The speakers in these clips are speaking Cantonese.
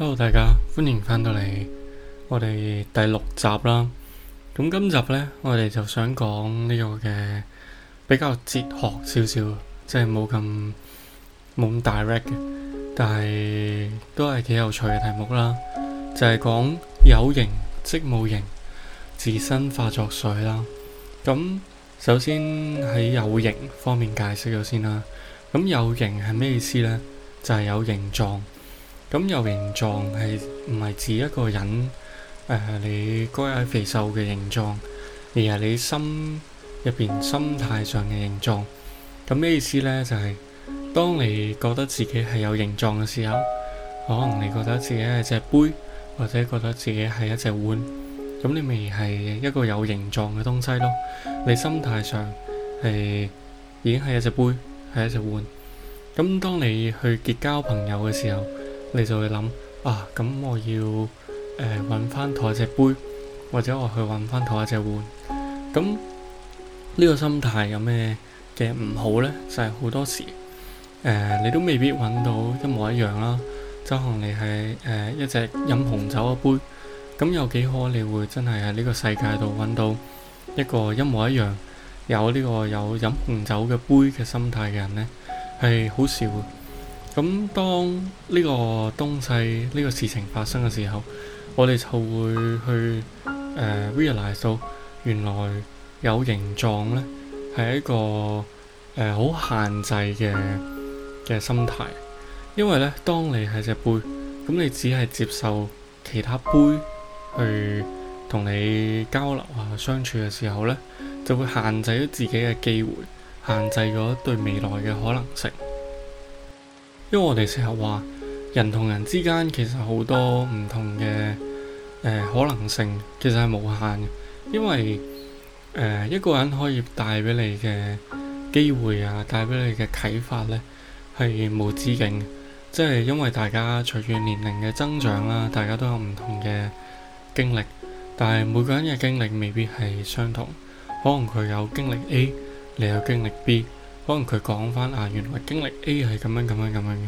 Hello，大家，歡迎翻到嚟，我哋第六集啦。咁今集呢，我哋就想講呢個嘅比較哲學少少，即係冇咁冇咁 direct 嘅，但係都係幾有趣嘅題目啦。就係講有形即冇形，自身化作水啦。咁首先喺有形方面解釋咗先啦。咁有形係咩意思呢？就係有形狀。咁有形狀係唔係指一個人，誒，你個矮肥瘦嘅形狀，而係你心入邊心態上嘅形狀。咁咩意思呢？就係當你覺得自己係有形狀嘅時候，可能你覺得自己係隻杯，或者覺得自己係一隻碗。咁你咪係一個有形狀嘅東西咯。你心態上係已經係一隻杯，係一隻碗。咁當你去結交朋友嘅時候，你就會諗啊，咁我要誒揾翻同一隻杯，或者我去揾翻同一隻碗。咁呢、這個心態有咩嘅唔好呢？就係、是、好多時誒、呃，你都未必揾到一模一樣啦。就可能你係誒、呃、一隻飲紅酒嘅杯，咁有幾可你會真係喺呢個世界度揾到一個一模一樣有呢個有飲紅酒嘅杯嘅心態嘅人呢？係好少。咁當呢個東西呢、呢個事情發生嘅時候，我哋就會去誒、呃、realize 到，原來有形狀呢係一個誒好、呃、限制嘅嘅心態，因為呢，當你係隻杯，咁你只係接受其他杯去同你交流啊相處嘅時候呢，就會限制咗自己嘅機會，限制咗對未來嘅可能性。因為我哋成日話人同人之間其實好多唔同嘅誒、呃、可能性，其實係無限嘅。因為誒、呃、一個人可以帶俾你嘅機會啊，帶俾你嘅啟發咧，係無止境嘅。即係因為大家隨住年齡嘅增長啦、啊，大家都有唔同嘅經歷，但係每個人嘅經歷未必係相同。可能佢有經歷 A，你有經歷 B。可能佢講返啊，原來經歷 A 係咁樣、咁樣、咁樣嘅，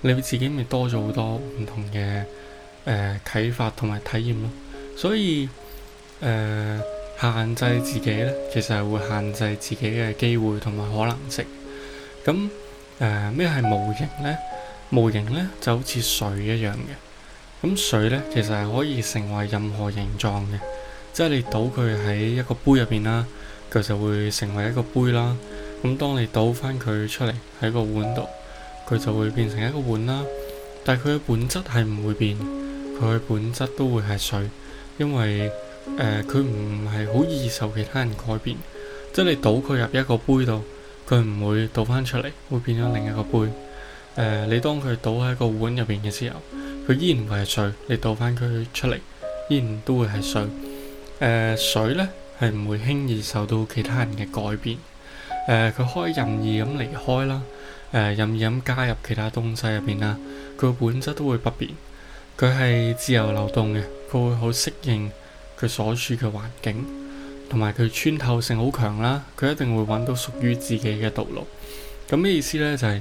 你自己咪多咗好多唔同嘅誒、呃、啟發同埋體驗咯。所以誒、呃，限制自己呢，其實係會限制自己嘅機會同埋可能性。咁誒，咩、呃、係模型呢？模型呢就好似水一樣嘅。咁水呢，其實係可以成為任何形狀嘅，即係你倒佢喺一個杯入邊啦，佢就會成為一個杯啦。咁，當你倒翻佢出嚟喺個碗度，佢就會變成一個碗啦。但係佢嘅本質係唔會變，佢嘅本質都會係水，因為誒佢唔係好易受其他人改變。即係你倒佢入一個杯度，佢唔會倒翻出嚟，會變咗另一個杯。誒、呃，你當佢倒喺個碗入邊嘅時候，佢依然會係水。你倒翻佢出嚟，依然都會係水。誒、呃，水呢，係唔會輕易受到其他人嘅改變。誒，佢可以任意咁離開啦，誒，任意咁加入其他東西入邊啦。佢個本質都會不變，佢係自由流動嘅，佢會好適應佢所處嘅環境，同埋佢穿透性好強啦。佢一定會搵到屬於自己嘅道路。咁咩意思呢？就係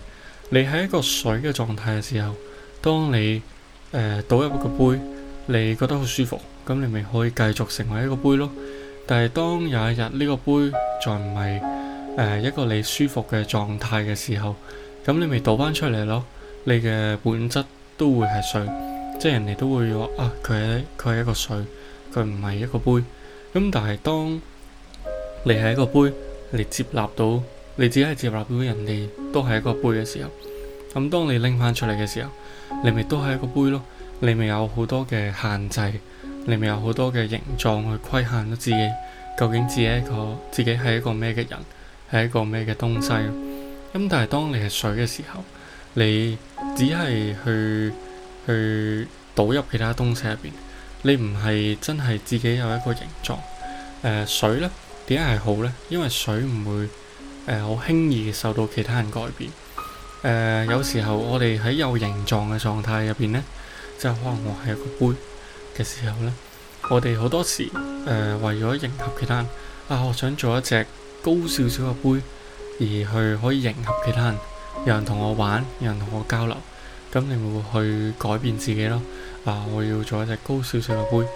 你喺一個水嘅狀態嘅時候，當你誒倒入一個杯，你覺得好舒服，咁你咪可以繼續成為一個杯咯。但係當有一日呢個杯再唔係。誒、呃、一個你舒服嘅狀態嘅時候，咁你咪倒翻出嚟咯。你嘅本質都會係水，即係人哋都會話啊，佢係佢係一個水，佢唔係一個杯。咁但係當你係一個杯，你接納到你自己係接納到人哋都係一個杯嘅時候，咁當你拎翻出嚟嘅時候，你咪都係一個杯咯。你咪有好多嘅限制，你咪有好多嘅形狀去規限咗自己，究竟自己一個，自己係一個咩嘅人。係一個咩嘅東西？咁但係當你係水嘅時候，你只係去去倒入其他東西入邊，你唔係真係自己有一個形狀。誒，水呢點解係好呢？因為水唔會誒，好輕易受到其他人改變。誒，有時候我哋喺有形狀嘅狀態入邊呢，即係可能我係一個杯嘅時候呢，我哋好多時誒，為咗迎合其他人啊，我想做一隻高少少嘅杯，而去可以迎合其他人，有人同我玩，有人同我交流，咁你咪會去改變自己咯。啊，我要做一隻高少少嘅杯。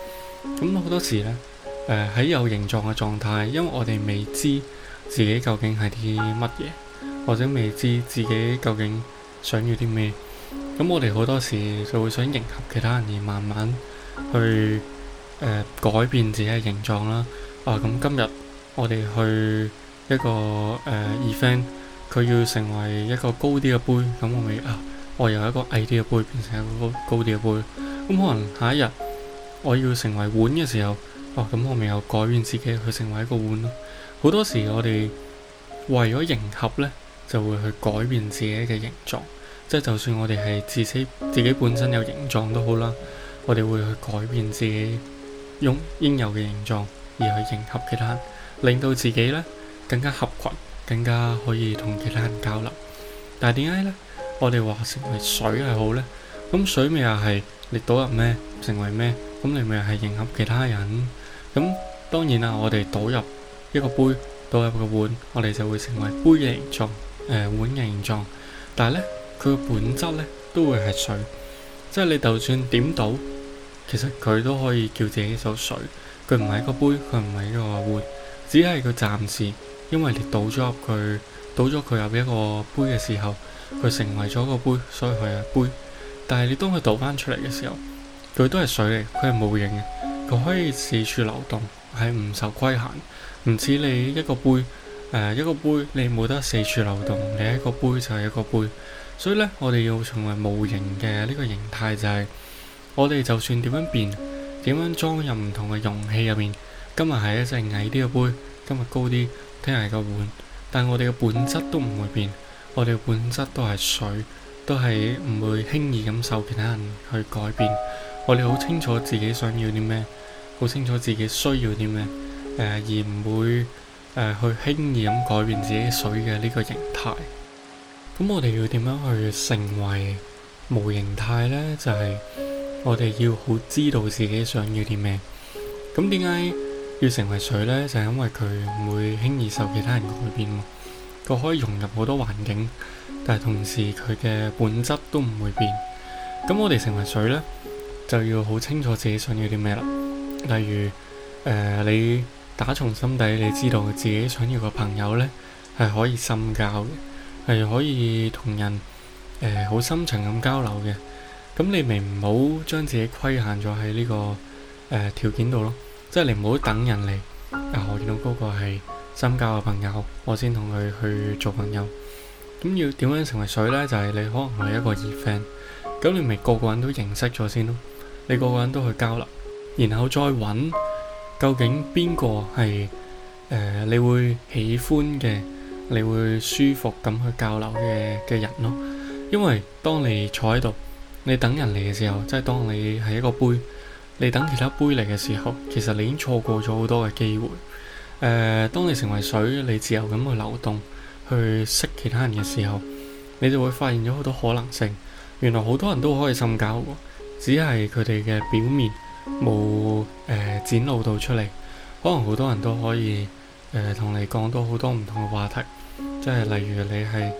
咁好多時呢，誒、呃、喺有形狀嘅狀態，因為我哋未知自己究竟係啲乜嘢，或者未知自己究竟想要啲咩，咁我哋好多時就會想迎合其他人，而慢慢去誒、呃、改變自己嘅形狀啦。啊，咁今日。我哋去一個誒、uh, event，佢要成為一個高啲嘅杯，咁我咪啊，我由一個矮啲嘅杯變成一個高啲嘅杯。咁可能下一日我要成為碗嘅時候，哦、啊，咁我咪又改變自己去成為一個碗咯。好多時我哋為咗迎合呢，就會去改變自己嘅形狀。即係就算我哋係自己自己本身有形狀都好啦，我哋會去改變自己用應有嘅形狀而去迎合其他。令到自己咧更加合群，更加可以同其他人交流。但係點解咧？我哋話成為水係好咧，咁水咪又係你倒入咩，成為咩？咁你咪又係迎合其他人。咁當然啦，我哋倒入一個杯，倒入個碗，我哋就會成為杯嘅形狀，誒、呃、碗嘅形狀。但係咧，佢嘅本質咧都會係水。即係你就算點倒，其實佢都可以叫自己做水。佢唔係一個杯，佢唔係一個碗。只係佢暫時，因為你倒咗入佢，倒咗佢入一個杯嘅時候，佢成為咗個杯，所以佢係杯。但係你當佢倒翻出嚟嘅時候，佢都係水嚟，佢係無形嘅，佢可以四處流動，係唔受規限，唔似你一個杯，誒、呃、一個杯，你冇得四處流動，你一個杯就係一個杯。所以呢，我哋要成為無形嘅呢個形態，就是，就係我哋就算點樣變，點樣裝入唔同嘅容器入面。今日係一隻矮啲嘅杯，今日高啲，聽日係個碗，但係我哋嘅本質都唔會變，我哋嘅本質都係水，都係唔會輕易咁受其他人去改變。我哋好清楚自己想要啲咩，好清楚自己需要啲咩，誒而唔會誒去輕易咁改變自己水嘅呢個形態。咁我哋要點樣去成為無形態咧？就係我哋要好知道自己想要啲咩。咁點解？要成為水呢，就係因為佢唔會輕易受其他人改變咯。佢可以融入好多環境，但係同時佢嘅本質都唔會變。咁我哋成為水呢，就要好清楚自己想要啲咩啦。例如，誒你打從心底，你知道自己想要個朋友呢，係可以深交嘅，係可以同人誒好深層咁交流嘅。咁你咪唔好將自己規限咗喺呢個誒條件度咯。即係你唔好等人嚟，哦，我見到嗰個係深交嘅朋友，我先同佢去做朋友。咁要點樣成為水呢？就係、是、你可能係一個熱 f，咁你咪個個人都認識咗先咯。你個個人都去交流，然後再揾究竟邊個係你會喜歡嘅，你會舒服咁去交流嘅嘅人咯。因為當你坐喺度，你等人嚟嘅時候，即係當你係一個杯。你等其他杯嚟嘅時候，其實你已經錯過咗好多嘅機會。誒、呃，當你成為水，你自由咁去流動，去識其他人嘅時候，你就會發現咗好多可能性。原來好多人都可以深交，只係佢哋嘅表面冇誒、呃、展露到出嚟。可能好多人都可以誒、呃、同你講到好多唔同嘅話題，即係例如你係誒、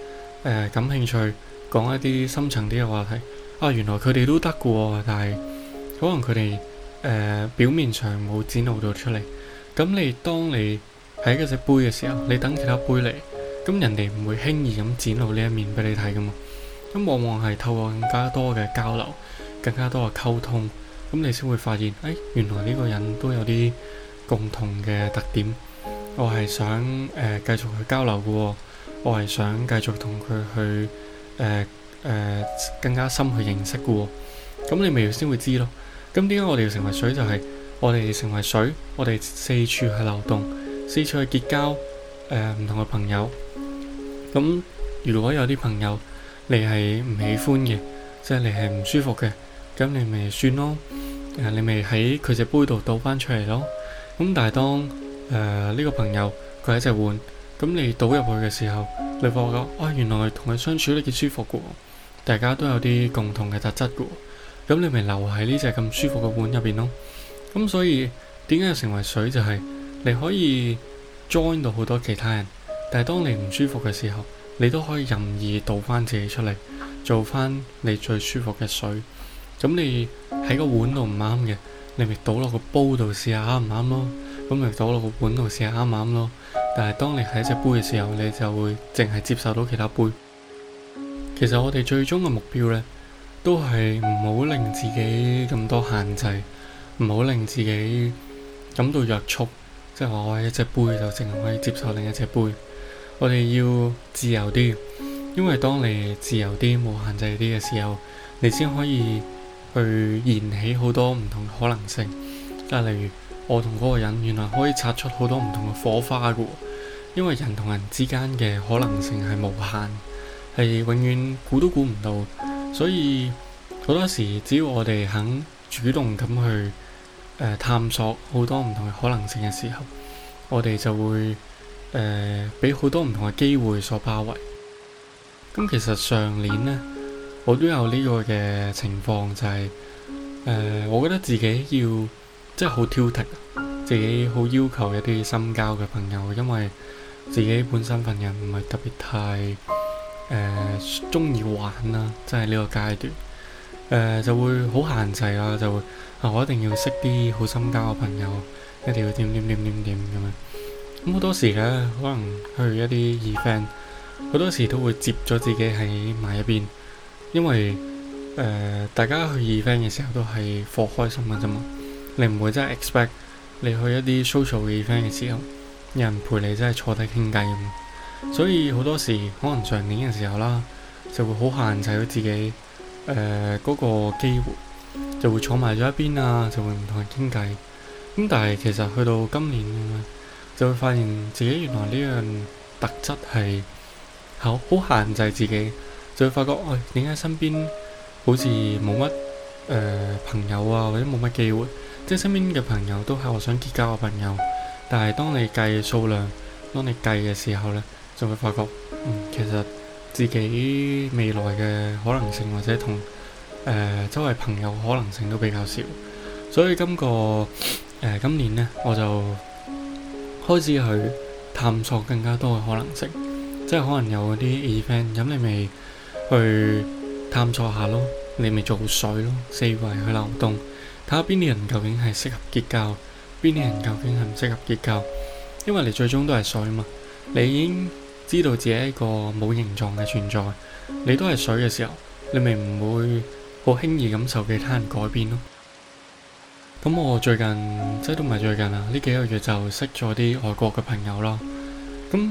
呃、感興趣講一啲深層啲嘅話題啊。原來佢哋都得㗎，但係可能佢哋。誒，表面上冇展露到出嚟，咁你當你喺嗰隻杯嘅時候，你等其他杯嚟，咁人哋唔會輕易咁展露呢一面俾你睇噶嘛，咁往往係透過更加多嘅交流，更加多嘅溝通，咁你先會發現，誒，原來呢個人都有啲共同嘅特點，我係想誒繼續去交流㗎喎，我係想繼續同佢去誒誒更加深去認識㗎喎，咁你咪先會知咯。咁點解我哋要成為水？就係我哋成為水，我哋四處去流動，四處去結交誒唔同嘅朋友。咁如果有啲朋友你係唔喜歡嘅，即係你係唔舒服嘅，咁你咪算咯。誒，你咪喺佢隻杯度倒返出嚟咯。咁但係當誒呢個朋友佢喺隻碗，咁你倒入去嘅時候，你發覺啊，原來同佢相處都幾舒服嘅喎，大家都有啲共同嘅特質嘅喎。咁你咪留喺呢隻咁舒服嘅碗入邊咯。咁所以點解要成為水就係、是，你可以 join 到好多其他人，但係當你唔舒服嘅時候，你都可以任意倒翻自己出嚟，做翻你最舒服嘅水。咁你喺個碗度唔啱嘅，你咪倒落個煲度試下啱唔啱咯。咁咪倒落個碗度試下啱唔啱咯。但係當你喺一隻杯嘅時候，你就會淨係接受到其他杯。其實我哋最終嘅目標呢。都係唔好令自己咁多限制，唔好令自己感到約束，即係話我係一隻杯就淨係可以接受另一隻杯。我哋要自由啲，因為當你自由啲、冇限制啲嘅時候，你先可以去燃起好多唔同嘅可能性。即例如我同嗰個人原來可以擦出好多唔同嘅火花嘅，因為人同人之間嘅可能性係無限，係永遠估都估唔到。所以好多時，只要我哋肯主動咁去誒、呃、探索好多唔同嘅可能性嘅時候，我哋就會誒俾好多唔同嘅機會所包圍。咁其實上年呢，我都有呢個嘅情況，就是，就係誒我覺得自己要，即係好挑剔，自己好要求一啲深交嘅朋友，因為自己本身份人唔係特別太。誒，中意、呃、玩啦、啊，即係呢個階段，誒、呃、就會好限制啊，就會我、啊、一定要識啲好深交嘅朋友，一定要點點點點點咁啊。咁、嗯、好多時咧，可能去一啲 event，好多時都會接咗自己喺埋一邊，因為誒、呃、大家去 event 嘅時候都係放開心啊啫嘛，你唔會真係 expect 你去一啲 social event 嘅時候，有人陪你真係坐低傾偈咁啊。所以好多時可能上年嘅時候啦，就會好限制到自己，誒嗰個機會就會坐埋咗一邊啊，就會唔同人傾偈。咁但係其實去到今年，就會發現自己原來呢樣特質係好好限制自己，就會發覺喂，點解身邊好似冇乜誒朋友啊，或者冇乜機會，即係身邊嘅朋友都係我想結交嘅朋友，但係當你計數量，當你計嘅時候咧。就會發覺、嗯，其實自己未來嘅可能性或者同、呃、周圍朋友可能性都比較少，所以今、今個、呃、今年呢，我就開始去探索更加多嘅可能性，即係可能有啲 event，咁你咪去探索下咯，你咪做水咯，四圍去流動，睇下邊啲人究竟係適合結交，邊啲人究竟係唔適合結交，因為你最終都係水嘛，你已經。知道自己一個冇形狀嘅存在，你都係水嘅時候，你咪唔會好輕易咁受其他人改變咯。咁我最近即係都唔係最近啦，呢幾個月就識咗啲外國嘅朋友啦。咁誒、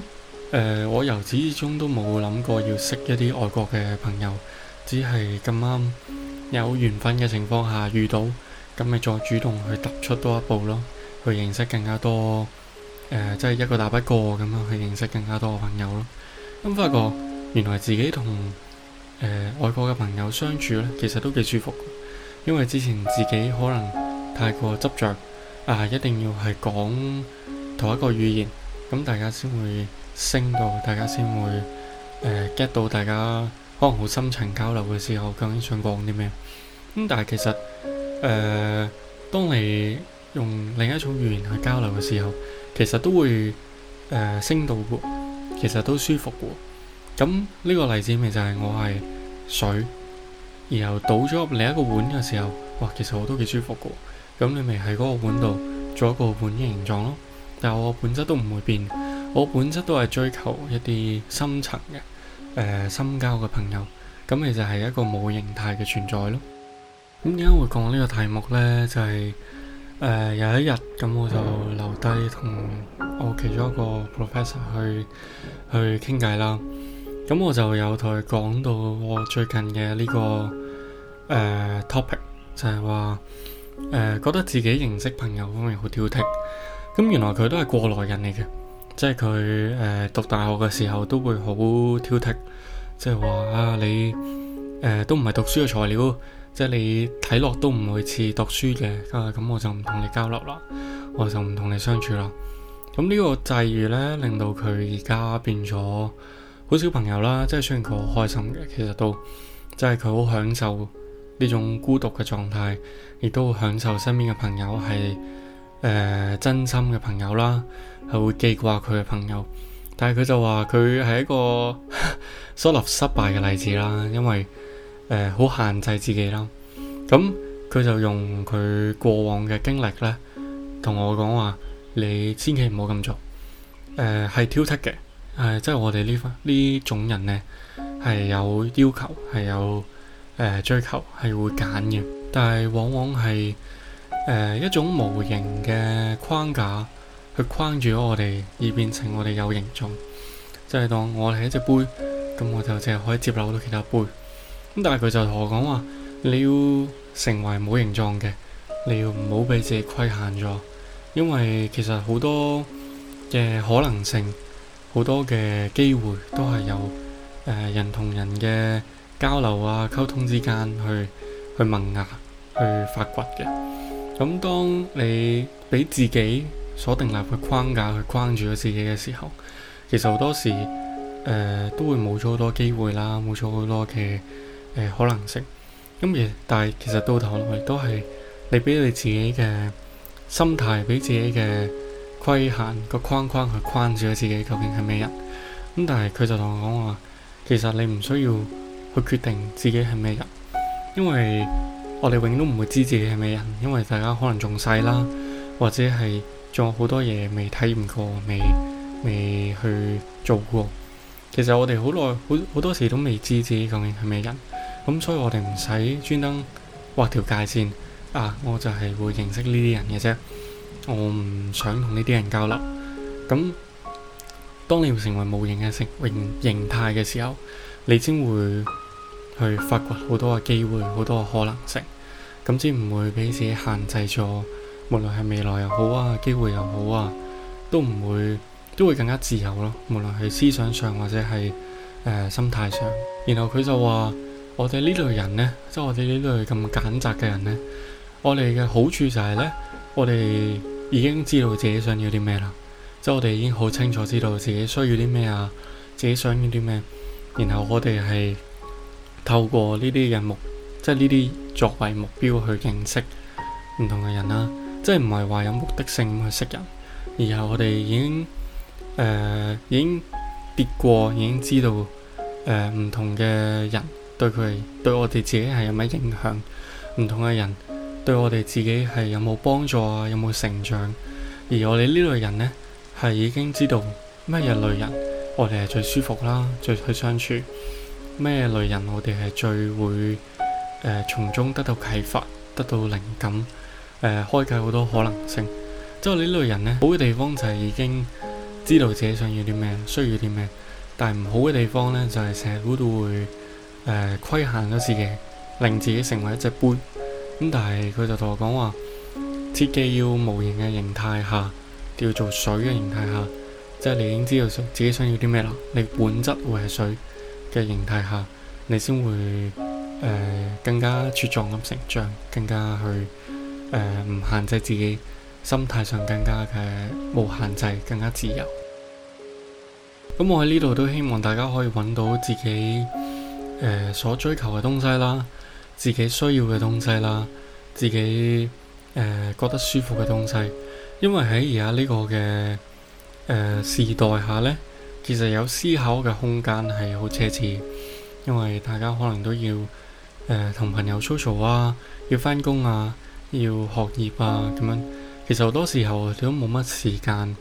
呃，我由始至終都冇諗過要識一啲外國嘅朋友，只係咁啱有緣分嘅情況下遇到，咁咪再主動去踏出多一步咯，去認識更加多。誒、呃，即係一個打不過咁樣去認識更加多嘅朋友咯。咁發覺原來自己同、呃、外國嘅朋友相處呢，其實都幾舒服。因為之前自己可能太過執着，啊，一定要係講同一個語言，咁、嗯、大家先會升到，大家先會 get、呃、到大家可能好深層交流嘅時候，究竟想講啲咩咁。但係其實誒、呃，當你用另一種語言去交流嘅時候，其實都會誒、呃、升到，其實都舒服嘅。咁呢個例子咪就係我係水，然後倒咗入另一個碗嘅時候，哇！其實我都幾舒服嘅。咁你咪喺嗰個碗度做一個碗嘅形狀咯。但係我本質都唔會變，我本質都係追求一啲深層嘅誒深交嘅朋友。咁其實係一個冇形態嘅存在咯。咁點解會講呢個題目呢？就係、是。誒、呃、有一日咁，我就留低同我其中一個 professor 去去傾偈啦。咁我就有同佢講到我最近嘅呢、這個誒、呃、topic，就係話誒覺得自己認識朋友方面好挑剔。咁原來佢都係過來人嚟嘅，即係佢誒讀大學嘅時候都會好挑剔，即係話啊你誒、呃、都唔係讀書嘅材料。即係你睇落都唔會似讀書嘅，咁我就唔同你交流啦，我就唔同你相處啦。咁呢個際遇呢，令到佢而家變咗好少朋友啦。即係雖然佢好開心嘅，其實都即係佢好享受呢種孤獨嘅狀態，亦都會享受身邊嘅朋友係誒、呃、真心嘅朋友啦，係會記掛佢嘅朋友。但係佢就話佢係一個 so sort of 失敗嘅例子啦，因為。誒好、呃、限制自己啦，咁佢就用佢過往嘅經歷呢，同我講話、啊：你千祈唔好咁做。誒、呃、係挑剔嘅，誒、呃、即係我哋呢呢種人呢，係有要求，係有誒、呃、追求，係會揀嘅。但係往往係誒、呃、一種無形嘅框架去框住咗我哋，而變成我哋有形狀，即係當我哋係一隻杯，咁我就淨係可以接納到其他杯。但係佢就同我講話，你要成為冇形狀嘅，你要唔好俾自己規限咗，因為其實好多嘅可能性，好多嘅機會都係由誒、呃、人同人嘅交流啊、溝通之間去去萌芽、去發掘嘅。咁當你俾自己所定立嘅框架去框住咗自己嘅時候，其實好多時誒、呃、都會冇咗好多機會啦，冇咗好多嘅。誒、欸、可能性咁而、嗯，但係其實到頭來都係你俾你自己嘅心態，俾自己嘅規限、個框框去框住咗自己，究竟係咩人咁、嗯？但係佢就同我講話，其實你唔需要去決定自己係咩人，因為我哋永遠都唔會知自己係咩人，因為大家可能仲細啦，或者係仲有好多嘢未體驗過，未未去做過。其實我哋好耐好好多時都未知自己究竟係咩人。咁所以我哋唔使專登畫條界線啊！我就係會認識呢啲人嘅啫，我唔想同呢啲人交流。咁當你要成為無形嘅形形態嘅時候，你先會去發掘好多嘅機會，好多嘅可能性。咁先唔會俾自己限制咗，無論係未來又好啊，機會又好啊，都唔會都會更加自由咯。無論係思想上或者係誒、呃、心態上，然後佢就話。我哋呢類人呢，即係我哋呢類咁揀擇嘅人呢，我哋嘅好處就係呢：我哋已經知道自己想要啲咩啦，即係我哋已經好清楚知道自己需要啲咩啊，自己想要啲咩，然後我哋係透過呢啲嘅目，即係呢啲作為目標去認識唔同嘅人啦，即係唔係話有目的性咁去識人，然後我哋已經誒、呃、已經跌過，已經知道誒、呃、唔同嘅人。對佢，對我哋自己係有乜影響？唔同嘅人對我哋自己係有冇幫助啊？有冇成長？而我哋呢類人呢，係已經知道咩嘢類人，我哋係最舒服啦，最去相處。咩嘢類人，我哋係最會誒、呃、從中得到啟發、得到靈感、誒、呃、開啟好多可能性。即係呢類人呢，好嘅地方就係已經知道自己想要啲咩，需要啲咩，但係唔好嘅地方呢，就係成日都會。誒，規、呃、限咗自己，令自己成為一隻杯。咁但係佢就同我講話，切記要無形嘅形態下，叫做水嘅形態下，即係你已經知道自己想要啲咩啦。你本質會係水嘅形態下，你先會誒、呃、更加茁壯咁成長，更加去誒唔、呃、限制自己，心態上更加嘅無限制，更加自由。咁我喺呢度都希望大家可以揾到自己。誒、呃、所追求嘅東西啦，自己需要嘅東西啦，自己誒、呃、覺得舒服嘅東西，因為喺而家呢個嘅誒、呃、時代下呢，其實有思考嘅空間係好奢侈，因為大家可能都要誒同、呃、朋友嘈嘈啊，要翻工啊，要學業啊咁樣。其實好多時候都冇乜時間，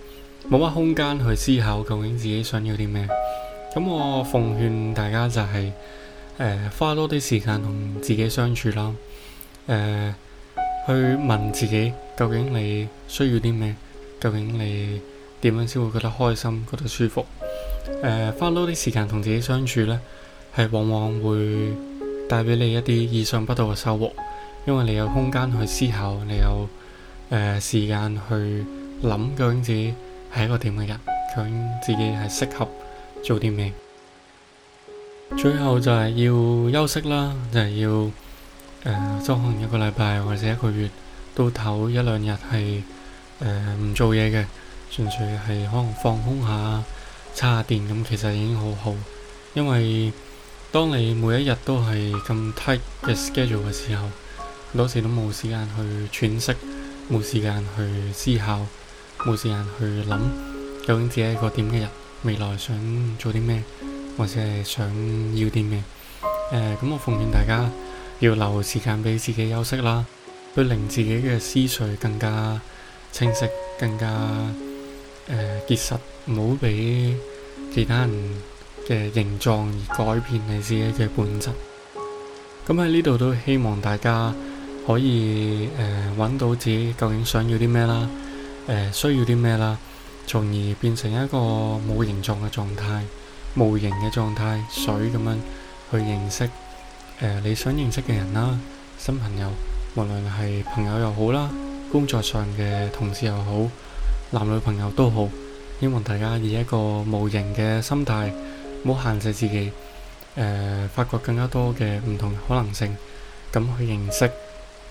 冇乜空間去思考究竟自己想要啲咩。咁、嗯、我奉勸大家就係、是。誒、呃、花多啲時間同自己相處啦，誒、呃、去問自己究竟你需要啲咩，究竟你點樣先會覺得開心、覺得舒服？誒、呃、花多啲時間同自己相處呢，係往往會帶俾你一啲意想不到嘅收穫，因為你有空間去思考，你有誒、呃、時間去諗究竟自己係一個點嘅人，究竟自己係適合做啲咩？最後就係要休息啦，就係、是、要誒，即、呃、可能一個禮拜或者一個月都唞一兩日係誒唔做嘢嘅，純粹係可能放空下、叉下電咁，其實已經好好。因為當你每一日都係咁 tight 嘅 schedule 嘅時候，好多時都冇時間去喘息，冇時間去思考，冇時間去諗究竟自己一個點嘅人，未來想做啲咩？或者係想要啲咩？誒，咁我奉勸大家要留時間俾自己休息啦，去令自己嘅思緒更加清晰，更加誒結實，唔好俾其他人嘅形狀而改變你自己嘅本質。咁喺呢度都希望大家可以誒揾到自己究竟想要啲咩啦，誒需要啲咩啦，從而變成一個冇形狀嘅狀態。無形嘅狀態，水咁樣去認識誒、呃，你想認識嘅人啦，新朋友，無論係朋友又好啦，工作上嘅同事又好，男女朋友都好，希望大家以一個無形嘅心態，冇限制自己，誒、呃，發掘更加多嘅唔同可能性，咁去認識，誒、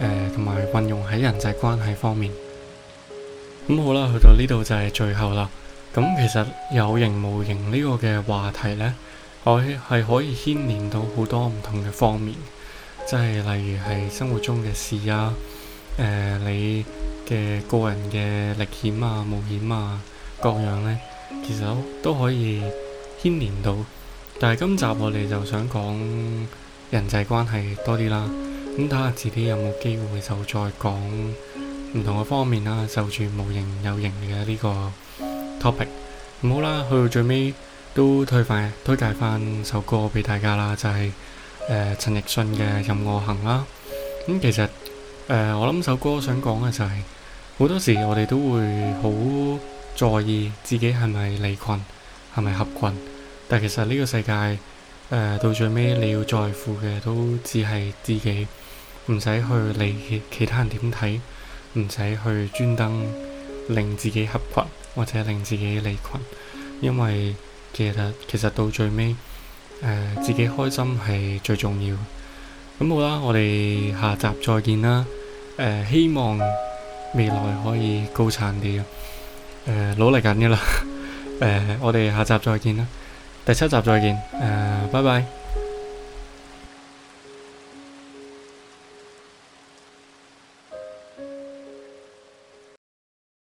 呃，同埋運用喺人際關係方面。咁好啦，去到呢度就係最後啦。咁其實有形無形呢個嘅話題呢，我係可以牽連到好多唔同嘅方面，即係例如係生活中嘅事啊，誒、呃、你嘅個人嘅歷險啊、冒險啊各樣呢其實都，都可以牽連到。但係今集我哋就想講人際關係多啲啦。咁睇下自己有冇機會就再講唔同嘅方面啦、啊，就住無形有形嘅呢、這個。topic 好啦，去到最尾都推翻，推介返首歌俾大家啦，就係誒、陳奕迅嘅《任我行》啦。咁、嗯、其實、呃、我諗首歌想講嘅就係、是、好多時我哋都會好在意自己係咪離群，係咪合群。但其實呢個世界、呃、到最尾你要在乎嘅都只係自己，唔使去理其、其他人點睇，唔使去專登令自己合群。或者令自己離群，因為其實其實到最尾，誒、呃、自己開心係最重要嘅。咁好啦，我哋下集再見啦。誒、呃、希望未來可以高產啲啊。誒，努力緊嘅啦。誒、 呃、我哋下集再見啦。第七集再見。誒、呃、拜拜。